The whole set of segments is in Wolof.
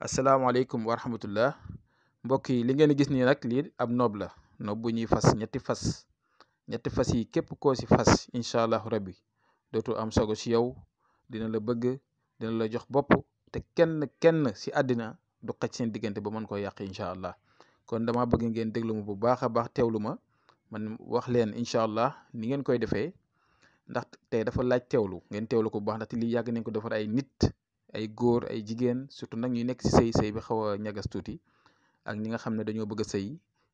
assalamualaikum wa rahmatullah mbokk yi li ngeen gis ni nak li ab noob la bu ñuy fas ñetti fas ñetti fas yi kep koo ci fas inshallah allahu rabbi dotu am sogo ci yow dina la bëgg dina la jox bop te kenn kenn ci adina du xaj seen digënté ba man ko yaq inshallah allah kon dama bëgg ngeen déglu mu bu baaxa baax tewluma ma man wax leen inshallah allah ni ngeen koy defee ndax tay dafa laaj tewlu ngeen tewlu ko baax ndax li yag nañ ko defar ay nit ay góor ay jigéen surtout nag ñu nekk ci sëy sëy ba xaw a ñagas tuuti ak ñi nga xam ne dañoo bëgg a sëy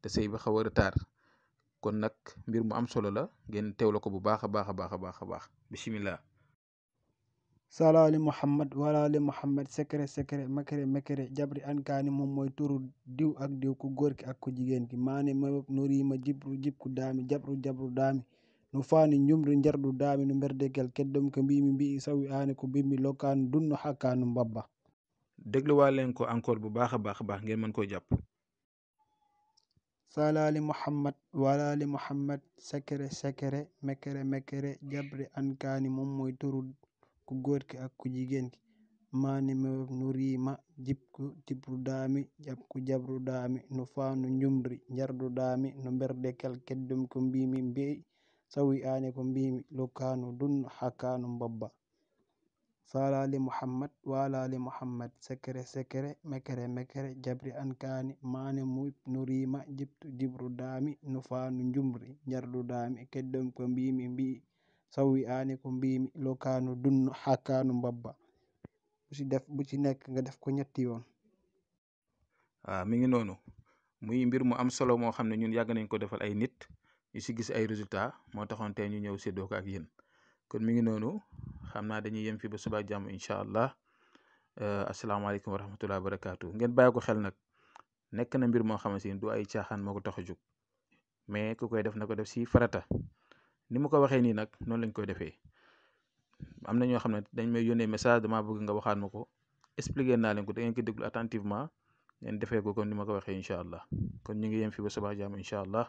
te sëy ba xaw a retard kon nag mbir mu am solo la ngeen teewlu ko bu baax a baax a baax a baax a baax bisimilah. salaali muhammad walaali muhammad sekere sekere makere makere jabri ankaani moom mooy turu diw ak diw ku góor ki ak ku jigéen ki maane ma nuri ma jibru jib ku daami jabru jabru daami no fani yumri jerɗu dami no berdegel keddom ko mbimi mbi sawi ani ko mbimi lokkani dunno hakkano babba degluwalen ko encore bo baaha baaha ba gen man ko jappo salali mouhammad walali mouhammad sekere sekere mekere mekere jabre ankani mum moy toru ko gorki akku jigenki mani me norima jipku tibru dami jabku jabru dami no fanu jumri jardu dami no berde kel keddum ko mbimi mbeyi sa wi'ani ko mbimi lokkanu dun hakkanu mbabba salali muhammad walali muhammad sekre sekre mekre mekre jabri ankani mane muy norima jiptu jibru dami nufanu jumri jardu dami keddom ko mbimi mbi sa wi'ani ko mbimi lokkanu dun hakkanu mbabba busi def busi nek nga def ko ñetti yon a ah, mi ngi nonu muy mbir mu am solo mo xamne ñun yag nañ ko defal ay nit ñu si gis ay résultat moo taxoon tey ñu ñëw séddoo ko ak yéen kon mi ngi noonu xam naa dañuy yem fii ba suba jàmm incha allah euh, asalaamaaleykum wa rahmatulah barakaatu ngeen bàyyi ko xel nag nekk na mbir moo xamante ni du ay caaxaan moo ko tax a jóg mais ku koy def na ko def si farata ni mu ko waxee nii nag noonu lañ koy defee am na ñoo xam ne dañ may yónnee message damaa bëgg nga waxaat ma ko expliqué naa leen ko da ngeen ko déglu attentivement ngeen defee ko comme ni ma ko waxee incha allah kon ñu ngi yem fii ba suba jàmm incha allah.